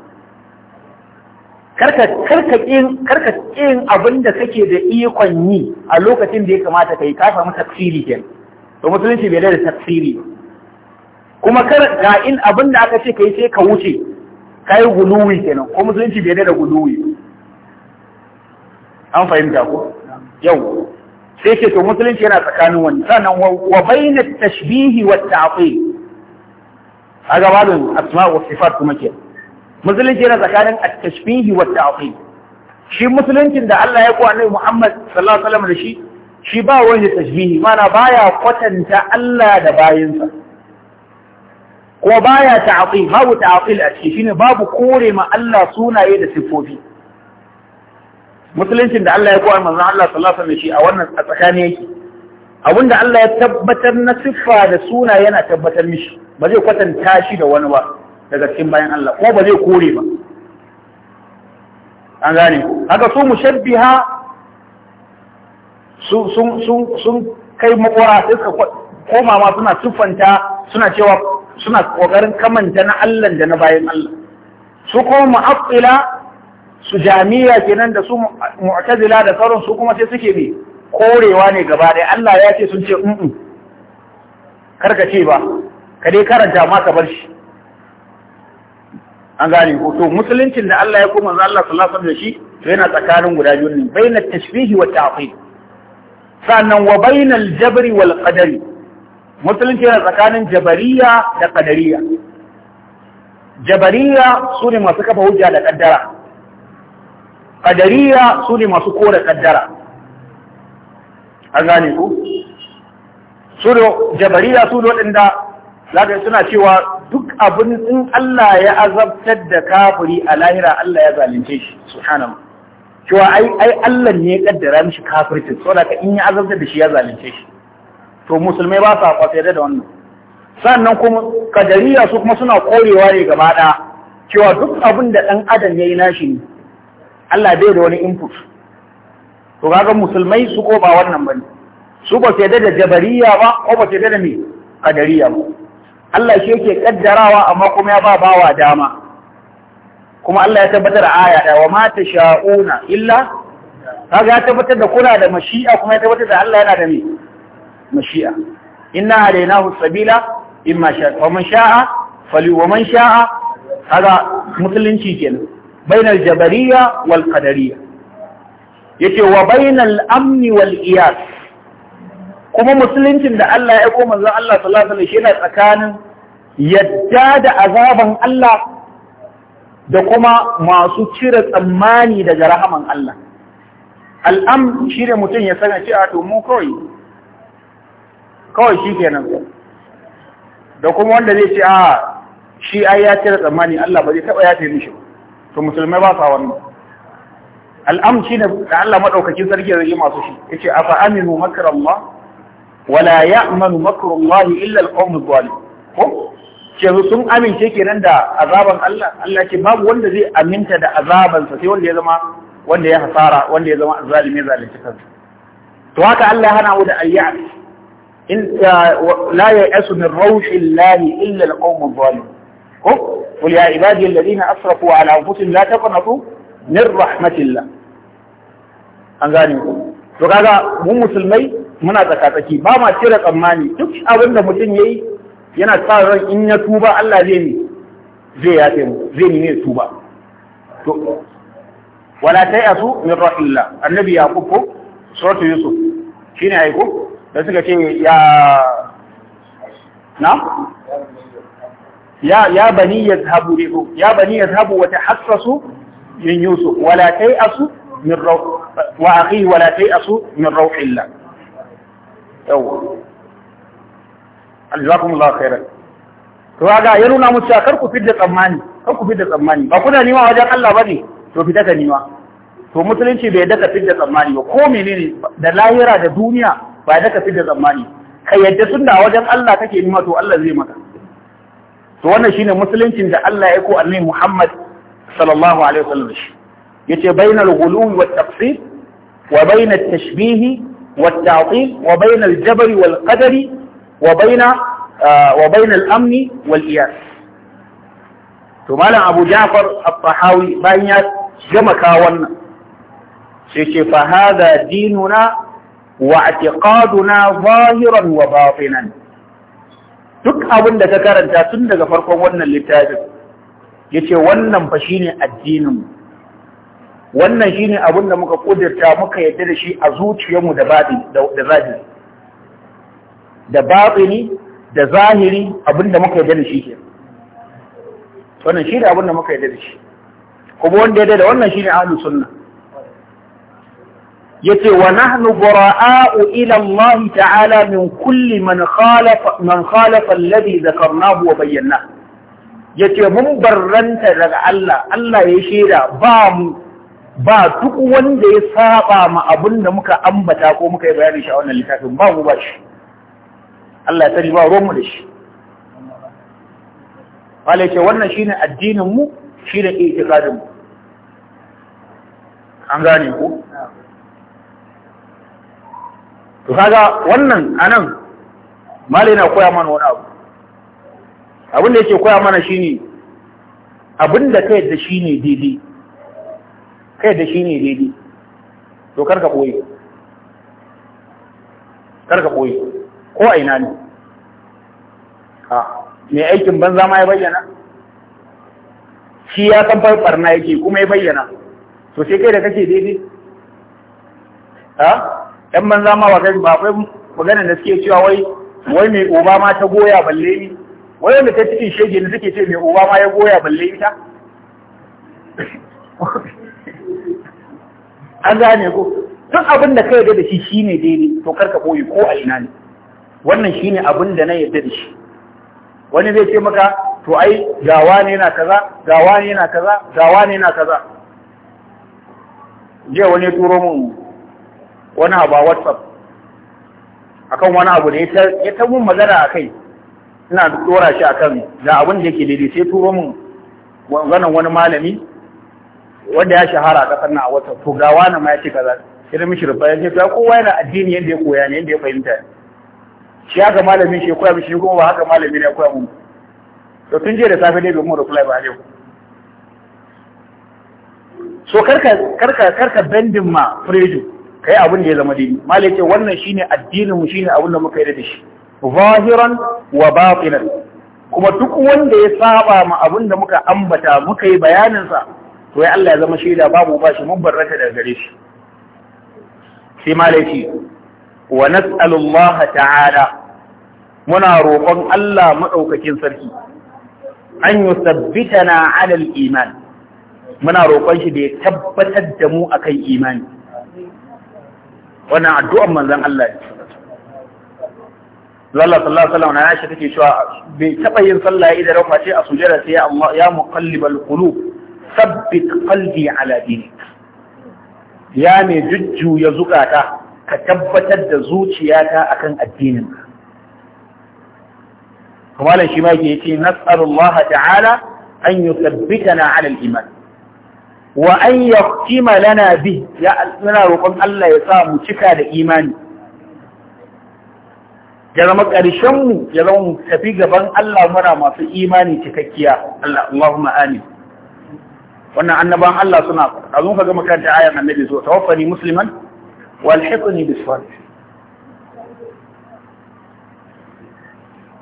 Speaker 1: karka ƙin abin da kake da ikon yi a lokacin da ya kamata ka yi ka samu tafsiri ke to musulunci bai da tafsiri ba kuma kar ga in abin da aka ce kai sai ka wuce kai guluwi kenan ko musulunci bai da guluwi an fahimta ko yau sai ce to musulunci yana tsakanin wani sannan wa baina tashbihi wa ta'til a gabanin asma wa sifat kuma ke musulunci yana tsakanin at-tashbihi wa ta'til shi musuluncin da Allah ya ko annabi Muhammad sallallahu alaihi wasallam da shi shi ba wani tashbihi mana baya kwatanta Allah da bayinsa ko baya ta'til babu ta'til a ciki shine babu kore ma Allah sunaye da sifofi musuluncin da Allah ya koyar manzon Allah sallallahu alaihi wasallam shi a wannan a tsakani yake abinda Allah ya tabbatar na siffa da suna yana tabbatar mishi ba zai kwatanta shi da wani ba daga cikin bayan Allah ko ba zai kore ba an gane haka su mushabbiha sun sun sun kai makwara sai komawa suna siffanta suna cewa suna kokarin kamanta na Allah da na bayan Allah su kuma mu'attila su jami'a kenan da su mu'tazila da sauran su kuma sai suke bi korewa ne gaba ɗaya Allah ya ce sun ce mm karka ce ba ka dai karanta ma ka bar shi an gane ko to musuluncin da Allah ya kuma manzo Allah sallallahu alaihi wasallam da shi to yana tsakanin guda biyu ne bainat tashbihi wa ta'til sannan wa bainal jabri wal qadari musulunci yana tsakanin jabariya da kadariya jabariya su ne masu kafa hujja da kaddara kadariya su ne masu kore kaddara A gane ku su ne jabariya su ne waɗanda za suna cewa duk abin in Allah ya azabtar da kafiri a lahira Allah ya zalunce shi subhanahu cewa ai ai Allah ne ya kaddara mishi kafircin saboda in ya azabtar da shi ya zalunce shi to musulmai ba haƙwa kwafe da wannan sannan kuma kadariya su kuma suna korewa ne gaba ɗaya cewa duk abin da ɗan adam ya yi nashi ne Allah bai da wani input to kaga musulmai su ko ba wannan bane su ba su da jabariya ba ko ba su da mai kadariya ba Allah shi yake kaddarawa amma kuma ya ba bawa dama kuma Allah ya tabbatar aya da wa mata sha'una illa kaga ya tabbatar da kuna da mashi'a kuma ya tabbatar da Allah yana da mai. mashi'a inna hadainahu sabila imma sha'a wa man sha'a fali wa man sha'a haga musulunci kenan Bainar jabariya wal Ya ce wa bainar amni wal iyas kuma musuluncin da Allah ya aiko manzon Allah sallallahu shi na tsakanin yadda da azaban Allah da kuma masu cire tsammani daga rahaman Allah al'am shi ne mutum ya sanya ce a to kawai kawai shi kenan da kuma wanda zai ce a shi ai ya ce cire tsammani Allah ba zai taba ya taimi shi to musulmai ba sa wannan al'amci ne da Allah madaukakin sarki zai masu shi yace afa aminu makrallah wala ya'manu makrullah illa al-qawm zalim ko ce sun amince kenan da azaban Allah Allah ce babu wanda zai aminta da azabansa sai wanda ya zama wanda ya hasara wanda ya zama zalimi zalunci kansa to haka Allah ya hana mu da ayya'a لا ييأس من روح الله إلا القوم الظالمون قل يا عبادي الذين أسرفوا على أنفسهم لا تقنطوا من رحمة الله an gane ku to kaga mu musulmai muna tsakatsaki ba ma cire tsammani duk abinda mutum yayi yana sa ran in ya tuba Allah zai ne zai yafe mu zai ne tuba to wala tayasu annabi yaqub yusuf shine aiko da suka ce ya na ya ya bani yazhabu rihu ya bani yazhabu wa tahassasu min yusuf wala tayasu min ruh wa akhihi wala tayasu min ruhillah yawa jazakumullahu lafairar to ga ya nuna musu kar ku fidda tsammani kar ku fidda tsammani ba kuna nima wajen Allah ne. to fi daga nima to musulunci bai fi fidda tsammani ba ko menene da lahira da duniya ba da fi da zamani. ka yadda sun tunda wajen Allah kake nima to Allah zai maka to wannan shine musuluncin da Allah ya ko annabi Muhammad sallallahu alaihi wasallam shi yace bainal ghuluwi wat taqsir wa bain at tashbih wat ta'til wa bain al jabr wal qadar wa bain ah, wa bain al amn wal iyas to malam Abu Ja'far al-Tahawi bayan ya gama ka wannan sai ce fa hada dinuna واعتقادنا ظاهرا وباطنا duk abin da ka karanta tun daga farkon wannan littafin yace wannan fa shine addinin mu. wannan shine abin da muka kudirta muka yadda da shi a zuciyarmu da batin da zahiri da batini da zahiri abin da muka yadda da shi ke wannan shine abin da muka yadda da shi kuma wanda ya da wannan shine ahlus sunna yace wa nahnu bura'a'u ila Allah ta'ala min kulli man khalafa man khalafa alladhi dhakarnahu wa bayyana yace mun barranta daga Allah Allah ya shaida ba mu ba duk wanda ya saba ma abin da muka ambata ko muka yi bayani shi a wannan litafin ba mu ba shi Allah ya sani ba ruwan mu da shi wala yace wannan shine addinin mu shine itikadin mu an gane ku to kaga wannan anan malai na koya mana wani abu abin da yake koya mana shine abin da kai da shine daidai kai da shine daidai to karka koyi karka koyi ko a ina ne a mai aikin banza ma ya bayyana shi ya san farfarna yake kuma ya bayyana to sai kai da kake daidai ha ɗan banza ma ba ba akwai magana da suke cewa wai wai mai uba ma ta goya balle ni wai wanda ta cikin shege ne suke ce mai uba ma ya goya balle ita an gane ko duk abin da ka yarda da shi shine daidai to karka boye ko a ina ne wannan shine abin da na yarda da shi wani zai ce maka to ai gawa ne yana kaza gawa ne yana kaza gawa ne yana kaza jiya wani ya turo mun wani abu a whatsapp akan wani abu da ya ta mun magana a kai ina dora shi kan da abin da yake daidai sai turo mun maganan wani malami wanda ya shahara ƙasar na a whatsapp to ga wani ma ya ce kaza sai mishi rufa ya ce ta kowa yana addini yadda ya koya ne yadda ya fahimta shi haka malamin shi ya koya mishi kuma ba haka malami ne ya koya mun to tun jiya da safe dai bai da reply ba yau so karka karka karka bendin ma fredo kai abin da ya zama dini. mala yace wannan shine addinin mu shine abin da muka yi da shi zahiran wa batinan kuma duk wanda ya saba ma abin da muka ambata muka yi bayanin sa to ya Allah ya zama shaida babu ba shi mun barrata daga gare shi sai mala yace wa nas'alullaha ta'ala muna roƙon Allah maɗaukakin sarki an yi sabbita na alal iman muna roƙon shi da ya tabbatar da mu akan imani wannan addu'an manzon Allah ne Allah sallallahu alaihi wasallam Aisha take cewa bai taba yin sallah idan rafa ce a sujada sai Allah ya muqallibal qulub sabbit qalbi ala dinik ya ne jujju ya zukata ka tabbatar da zuciyata akan addinin ka kuma shi ma yake yace nas'alullah ta'ala an yuthabbitana ala al-iman wa an yaqtima lana bi ya muna roƙon Allah ya sa mu cika da imani ya zama ƙarshen ya zama mu tafi gaban Allah muna masu imani cikakkiya Allah Allahumma amin wannan annaban Allah suna faɗa azun ka ga makaranta ayan annabi so tawaffani musliman wal hiqni bis salih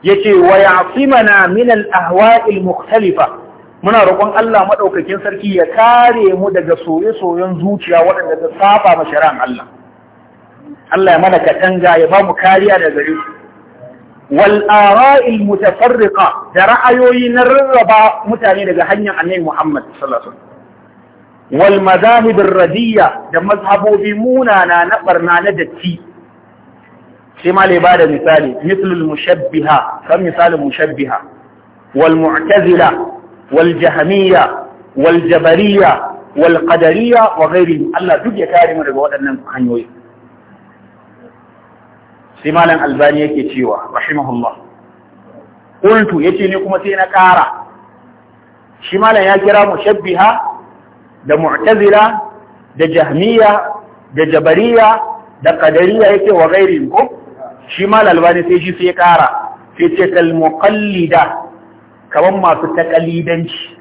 Speaker 1: yace wa ya'simana min al ahwa'il mukhtalifa muna roƙon Allah maɗaukakin sarki ya kare mu daga soye-soyen zuciya waɗanda ta safa ma shari'an Allah. Allah ya mana ga ya ba mu kariya da gare su. Wal ara'il mutafarriqa da ra'ayoyi na rarraba mutane daga hanyar Annabi Muhammad sallallahu alaihi Wal radiyya da mazhabobi munana na barna na datti. Sai ma ba da misali, mislul mushabbiha, kan misalin mushabbiha. Wal mu'tazila wal jahamiyya wal jabariyya Allah duk ya kare mu daga waɗannan hanyoyi sai malam albani yake cewa rahimahullah ya ce ni kuma sai na ƙara shi malam ya kira Shabbiha, da mu'tazila da jahmiya da jabariya da kadariya yake wa gairin ko shi ma lalbani sai shi sai kara sai ce kal kamar masu taƙalidanci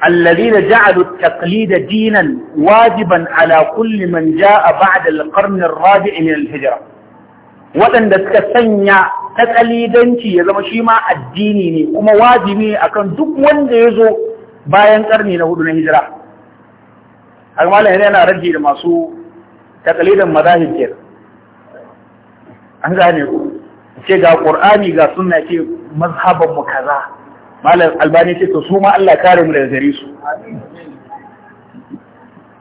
Speaker 1: الذين dinan wajiban دينا واجبا على a من جاء بعد القرن الرابع من الهجرة waɗanda suka sanya ta ƙalidanci ya zama shi ma addini ne kuma wajibi akan duk wanda ya zo bayan ƙarni na hudu na hijira har malam yana rage da masu taƙalidan mazahib an gane ku ce ga qur'ani ga suna ce mazhaban mu kaza malam albani ce to su ma Allah kare mu daga gare su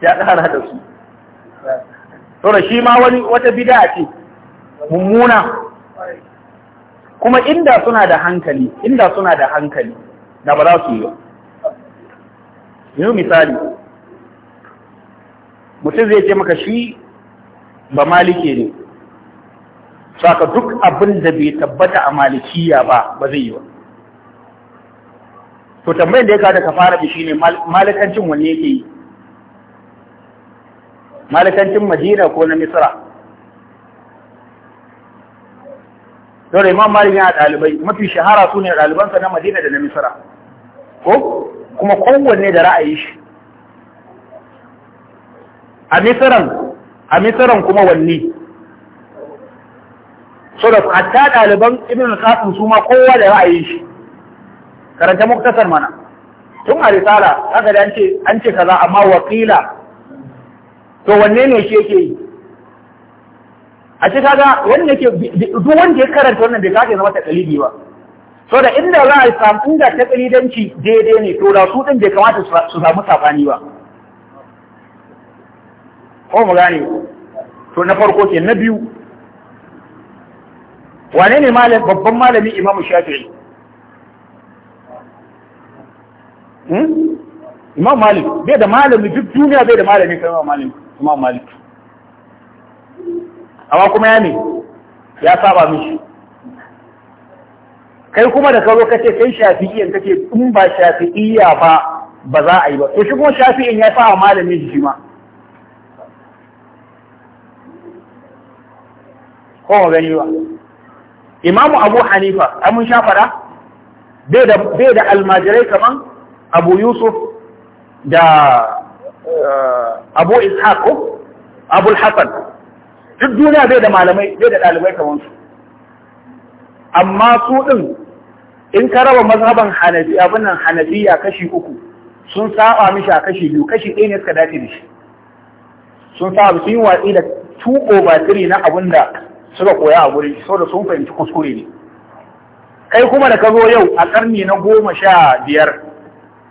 Speaker 1: ya ƙara da su saboda shi ma wani wata bid'a ce mummuna kuma inda suna da hankali inda suna da hankali da ba za su yi ba yau misali mutum zai ce maka shi ba malike ne saka duk abin da bai tabbata a malikiya ba ba zai yi ba to tambayin da ya kada ka fara bishi ne malikancin wanne yake yi malikancin madina ko na misra don imam malik yana ɗalibai mafi shahara su ne ɗalibansa na madina da na misra ko kuma kowanne da ra'ayi shi a a misiran kuma wanne a hatta ɗaliban ibn qasim su ma kowa da ra'ayin shi karanta muktasar mana tun a risala haka da an ce kaza amma wakila to wanne ne shi yake yi a ce kaga wanda yake duk wanda ya karanta wannan bai kace zama takalibi ba da inda za a samu inda takalidanci daidai ne to da su din bai kamata su samu safani ba ko mu gane to na farko ke na biyu wane ne babban malami imam shafi'i hmm? imam malik bai da malami duk duniya bai da malami kai imam malik imam malik amma kuma ya ne ya saba mishi kai kuma da kazo kace kai shafi'iyyar kace in ba shafi'iyya ba ba za a yi ba to shi kuma shafi'in ya saba malamin shi ma ko gani ba imamu abu hanifa amun sha bai da bai da almajirai kaman abu yusuf da eh, abu ishaq Abu Hassan. duk duniya bai da malamai bai da dalibai kaman su amma su din in ka raba mazhaban hanabi abinan nan kashi uku sun saba mishi a kashi biyu kashi ɗaya ne suka dace da shi sun saba sun yi watsi da two over three na abin da suka koya a sau saboda sun fahimci kuskure ne kai kuma da ka zo yau a karni na goma sha biyar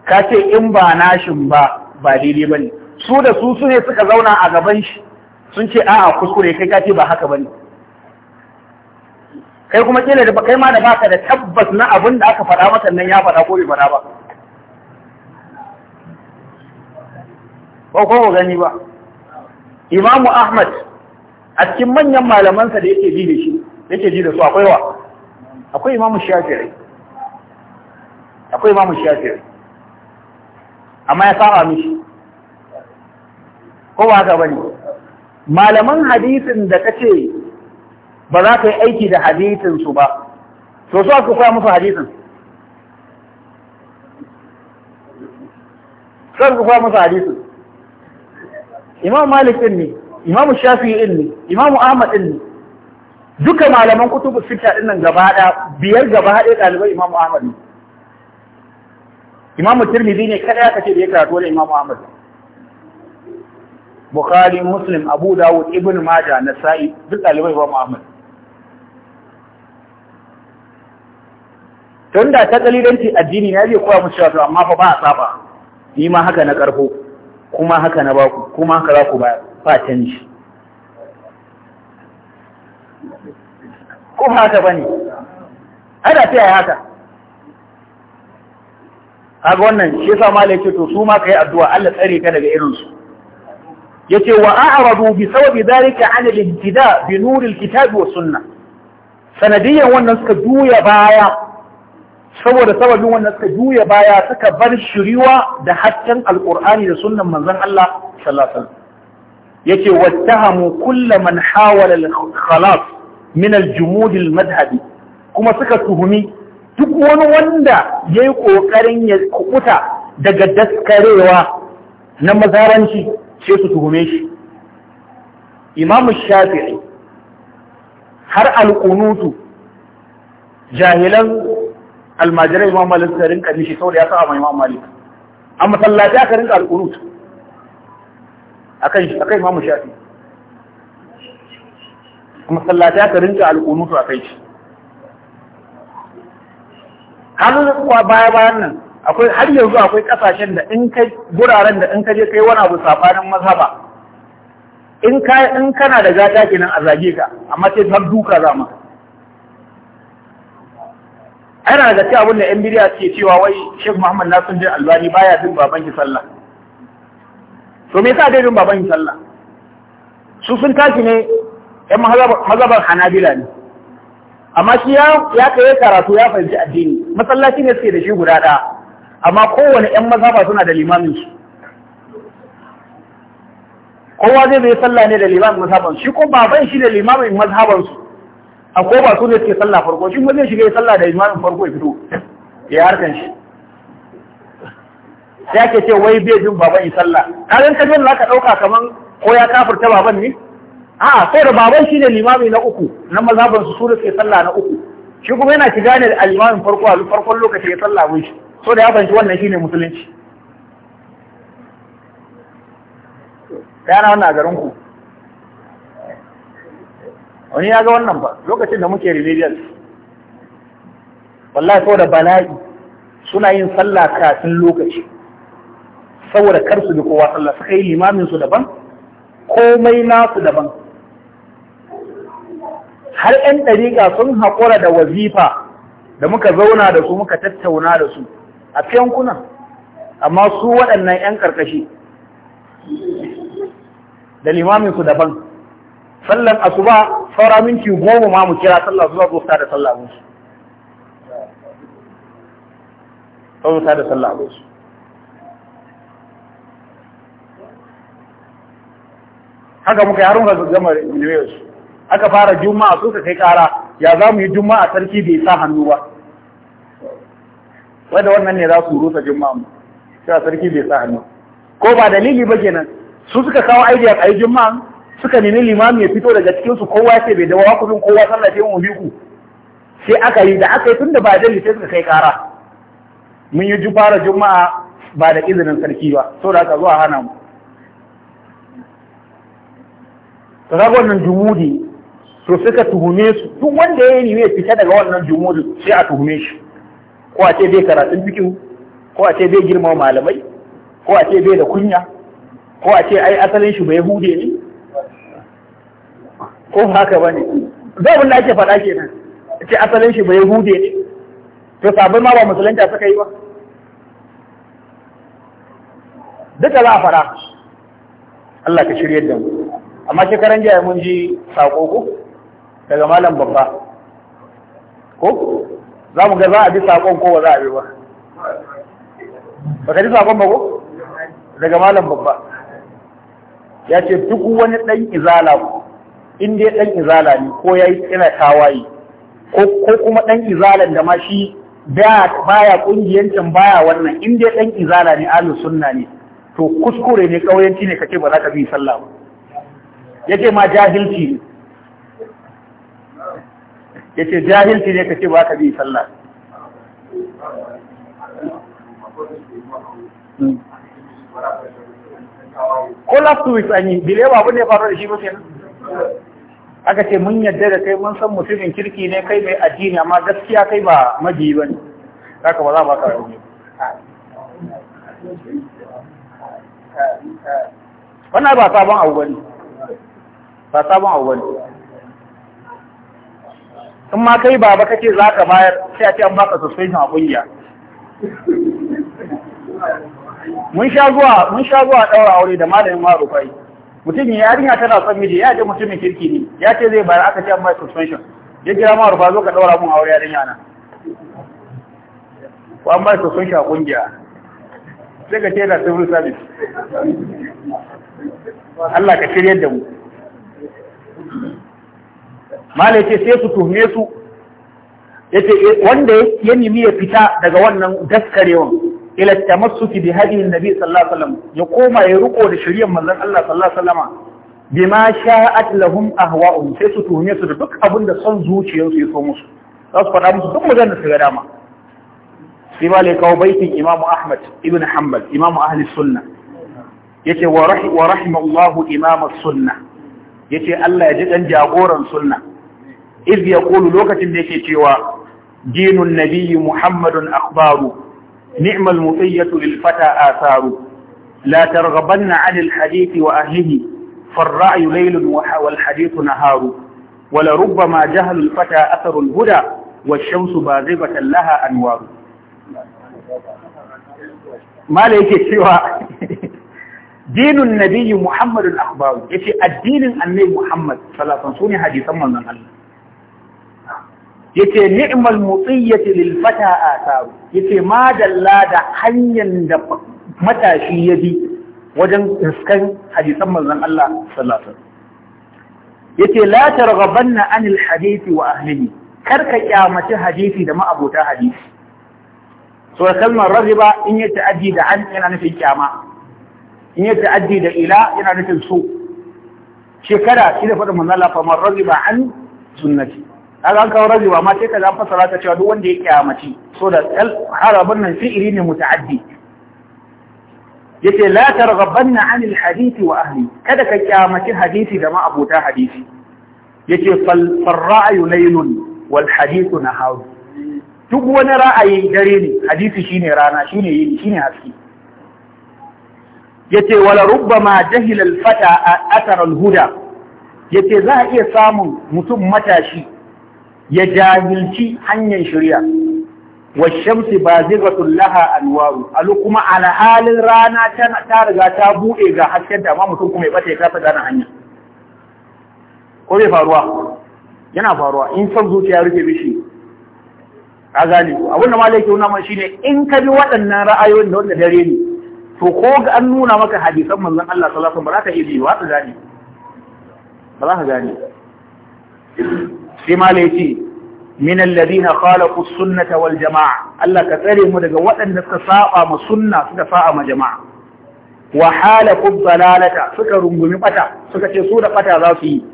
Speaker 1: ka ce in ba nashin ba ba daidai ba ne su da su su ne suka zauna a gaban shi sun ce a'a kuskure kai ka ce ba haka ba ne kai kuma kila da kai ma da baka da tabbas na abin da aka faɗa maka nan ya faɗa ko bai faɗa ba ba ko gani ba Imamu Ahmad a cikin manyan malamansa da yake ji da shi yake ji da su akwai wa akwai imamu shafi'i akwai imamu shafi'i amma ya saba mishi ko ba ka bane malaman hadisin da kace ba za ka yi aiki da hadisin su ba so su aka koya musu hadisin sai ku kwaya musu hadisin imam malikin ne imamu shafi ne, imamu ahmad ne. duka malaman kutubu fita din nan gaba da biyar gaba ɗaya ɗalibai imamu ahmad ne imamu tirmidhi ne kada aka ce da ya karatu da imamu ahmad bukhari muslim abu dawud ibn majah nasa'i duk ɗalibai imamu ahmad tun da ta kalilanci addini na zai koya musu wato amma fa ba a saba ni ma haka na karfo kuma haka na baku kuma haka za ku bayar ba canji ko haka bane ada ta yaya haka kaga wannan shi yasa malai ce to su ma kai addu'a Allah tsare ka daga irin su ce wa a'radu bi sababi dhalika 'an al-ibtida bi nur al wa sunnah sanadiyan wannan suka juya baya saboda sababin wannan suka juya baya suka bar shiriwa da haccen alqur'ani da sunnan manzon Allah sallallahu alaihi wasallam yace wattahamu kulla man hawala al-khalas min al-jumud al-madhhabi kuma suka tuhumi duk wani wanda yayi kokarin ya kukuta daga daskarewa na mazaranci sai su tuhume shi Imam Shafi'i har al-qunutu jahilan almajirai Imam Malik sai rinka nishi saboda ya saba Imam Malik amma sallaci aka rinka al-qunutu akan ma mu Shafi masallata ka rinka alƙunutu a kai shi har kuwa baya bayan nan akwai har yanzu akwai kasashen da in kai guraren da in ka je kai wani abu safanin mazhaba in ka in kana da gata kenan a zage ka amma sai har duka zama. ana da cewa abin da yan biriya ke cewa wai Sheikh Muhammad Nasir Albani baya bin babanki sallah to me yasa dai baban sallah su sun tashi ne yan mazhabar hanabila ne amma shi ya kai karatu ya fahimci addini masallaci ne suke da shi guda ɗaya amma kowane ɗan mazhaba suna da limamin su kowa zai zai sallah ne da limamin mazhaban shi ko baban shi da limamin mazhaban su a ko ba su ne suke sallah farko shi kuma zai shiga sallah da limamin farko ya fito ya harkan shi sai ake ce wai bai jin baban yi sallah kaga ka jin laka dauka kaman ko ya kafirta baban ne a sai da baban shine limami na uku na mazhaban su sura sai sallah na uku shi kuma yana ki gane al-imamin farko a farkon lokaci ya sallah shi so da ya fahimci wannan shine musulunci yana wannan a ku wani ya ga wannan ba lokacin da muke religious wallahi saboda bala'i suna yin sallah kafin lokaci saboda kar su bi kowa sallah suka yi limamin su daban komai nasu daban har 'yan ɗariƙa sun haƙura da wazifa da muka zauna da su muka tattauna da su a fiyankuna amma su waɗannan 'yan ƙarƙashi da limamin su daban sallan asuba saura minti goma ma mu kira sallah zuwa zo da sallah musu. Zo da sallah musu. haka muka yaron ga gama miliyoyin su aka fara juma'a su ka kai kara ya za mu yi juma'a sarki bai sa hannu ba Wai da wannan ne za su rusa juma'a mu cewa sarki bai sa hannu ko ba dalili ba kenan su suka kawo idea a yi juma'a suka nemi limami ya fito daga cikin su kowa ya ce bai dawo kudin kowa sallah sai mu bi ku sai aka yi da aka yi tun da ba dalili sai suka kai kara mun yi fara juma'a ba da izinin sarki ba saboda aka zuwa hana mu to ga wannan jumudi to suka tuhume su duk wanda ya yi ya fita daga wannan jumudi sai a tuhume shi ko a ce bai karatun bikin, ko a ce bai girma malamai ko a ce bai da kunya ko a ce ai asalin shi bai hude ne ko haka ba ne da abin da ake faɗa kenan ce asalin shi bai hude ne to sabon ma ba musulunta suka yi ba duka za a fara Allah ka shirye da mu amma shekaran jiya mun ji sako ko daga malam babba ko za mu ga za a bi sakon ko ba za a bi ba ba ka ji sakon ba ko daga malam babba ya ce duk wani ɗan izala ko in dai ɗan izala ne ko ya yi yana tawaye ko kuma ɗan izalan da ma shi baya ƙungiyancin baya wannan in dai ɗan izala ne alu sunna ne to kuskure ne ƙauyanci ne kace ba za ka bi sallah ba ya ce ma jahilci ne ya ce jahilci ne ka ce ba ka bi sallah ko last two an yi bile ba abu ne faru da shi mafi aka ce mun yadda da kai mun san mutumin kirki ne kai mai addini amma gaskiya kai ba maji ba ne haka ba za ba ka rauni wannan ba sabon abu ne. ba sabon abu bane in ma kai baba kace za ka bayar sai a ce an baka suspension a kungiya mun sha zuwa mun sha zuwa daura aure da malamin ma rufai mutum ya rinya tana son miji ya ce mutumin kirki ne ya ce zai bayar aka ce an bai suspension ya kira ma rufa zo ka daura mun aure rinya na ko an bai suspension a kungiya sai ka ce da civil service
Speaker 2: Allah ka shirya da mu
Speaker 1: mala yace sai su tuhume su yace eh, wanda ya nemi ya fita daga wannan daskarewan ila tamassuki bi hadihi nabi sallallahu alaihi wasallam ya koma ya ruko da shari'ar manzon Allah sallallahu alaihi wasallam bima sha'at lahum sai su tuhume su da duk abin da son zuciyarsu ya so musu za su faɗa musu duk maganar su ga dama sai malai kawo baitin imamu ahmad ibn hanbal imamu ahli sunna yace wa rahimallahu imamu sunna ya ce Allah ya ji ɗan jagoran sunna. iz ya ƙulu lokacin da yake cewa dinun nabiyyi muhammadun akhbaru ni'mal mutayyatu lil fata asaru la targhabanna 'anil hadithi wa ahlihi farra'u laylun wa hadithu naharu wa la rubbama jahala al fata atharu al huda wash-shamsu bazibatan laha anwaru mala yake cewa dinun nabiyyi muhammadun akhbaru yace addinin annabi muhammad sallallahu alaihi wasallam hadisan manzon Allah yace ni'mal mutiyyati lil fata atharu yace ma dalla da hanyar da matashi ya bi wajen iskan hadisan manzon Allah sallallahu alaihi wasallam yace la targhabanna anil hadisi wa ahlihi kar ka kyamaci hadisi da ma'abota hadisi so kalmar ragiba in ya ta'addi da an yana nufin kyama in ya ta'addi da ila yana nufin so shekara shi da faɗin manzo Allah famar ba an sunnati kaga an kawo raziba ma sai kaza fasara ta cewa duk wanda ya kyamaci. so da harabun nan fi'ili ne muta'addi yace la rabban na al hadisi wa ahli kada ka kyamaci hadisi da ma abota hadisi yace ce ra'yu laylun wal na nahar duk wani ra'ayi dare ne hadisi shine rana shine yini shine haske yace wala rubbama ma al-fata a al-huda yace za a iya samun mutum matashi ya jahilci hanyar shari'a washamsi bazighatul laha anwaru alu kuma ala halin rana ta riga ta bude ga hasken da mutum kuma ya bata ya kasa gane hanya ko bai faruwa yana faruwa in san zuciya rufe mishi a gane abin da malai ke nuna man shine in ka bi waɗannan ra'ayoyin da wanda dare ne to ko ga an nuna maka hadisan manzon Allah sallallahu alaihi wasallam ba za ka iya bi ba ka gane ba za ka gane sai mala yace min alladhina khalaqu sunnata wal jamaa Allah ka tsare mu daga waɗanda suka saba ma sunna suka saba ma jama'a wa halaku dalalata suka rungumi bata suka ce su da bata za su yi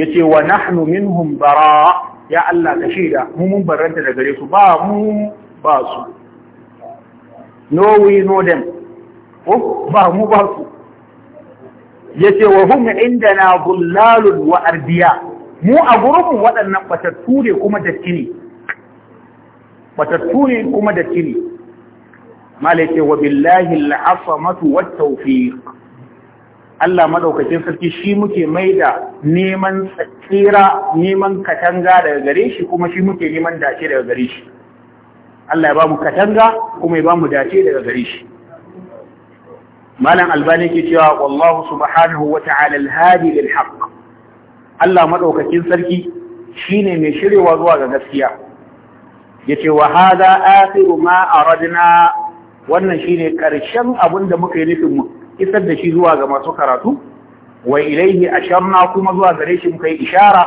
Speaker 1: yace wa nahnu minhum bara ya Allah ka shaida mu mun barranta da gare su ba mu ba su no we know them ko ba mu ba su yace wa hum indana dhullalun wa arbiya mu a gurin waɗannan batattu ne kuma datti ne batattu ne kuma datti ne malaike wa billahi al-asamatu wa tawfiq Allah madaukakin sarki shi muke maida neman tsira neman katanga daga gare shi kuma shi muke neman dace daga gare shi Allah ya ba mu katanga kuma ya ba mu dace daga gare shi malam albani ke cewa wallahu subhanahu wa ta'ala al-hadi lil haqq Allah madaukakin sarki shine mai shirewa zuwa ga gaskiya yace wa hadha akhiru ma aradna wannan shine karshen abun da muka yi nufin mu isar da shi zuwa ga masu karatu wa a asharna kuma zuwa gare shi muka yi ishara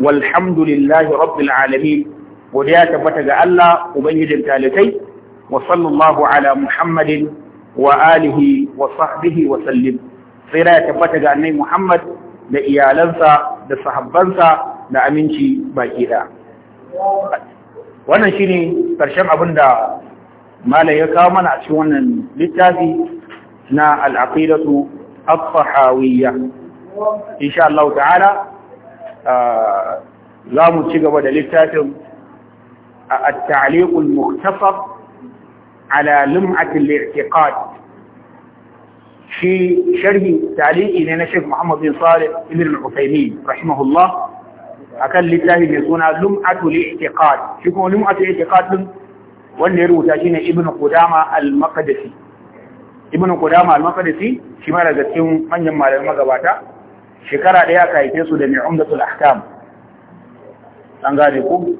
Speaker 1: walhamdulillahi rabbil alamin godiya tabbata ga Allah ubangijin talatai wa sallallahu ala muhammadin wa alihi wa sahbihi wa sallim ya tabbata ga annabi Muhammad da iyalansa da sahabbansa da aminci baki da wannan shine karshen abin da malam ya kawo mana a cikin wannan littafi na al-aqidatu at insha Allah ta'ala za mu ci gaba da littafin at-ta'liqul mukhtasar ala lum'atil li'tiqad shi sharhi taliqi ne na Sheikh Muhammad bin Salih ibn al-Uthaymeen rahimahullah akan littafi mai suna lum'atul i'tiqad shi kuma lum'atul i'tiqad din wanda ya rubuta shine Ibn Qudama al-Maqdisi Ibn Qudama al-Maqdisi shi ma daga cikin manyan malaman magabata shekara daya aka haife su da mai umdatul ku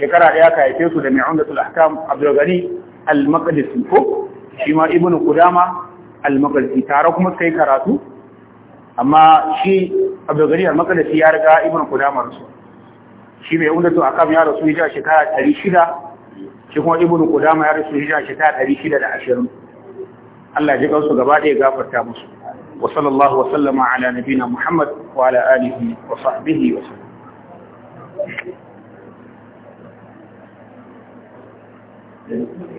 Speaker 1: shekara aka haife su da mai al-maqdisi ko shi ma ibnu qudama al-maqdisi tare kuma kai karatu amma shi abu gari al-maqdisi ya riga ibnu qudama rasu shi mai umdatu akam ya rasu hijira shekara 600 shi kuma ibnu qudama ya rasu hijira shekara 620 Allah ya ji kansu gaba ɗaya gafarta musu wa sallallahu wa sallama ala nabina Muhammad wa ala alihi wa sahbihi wa sallam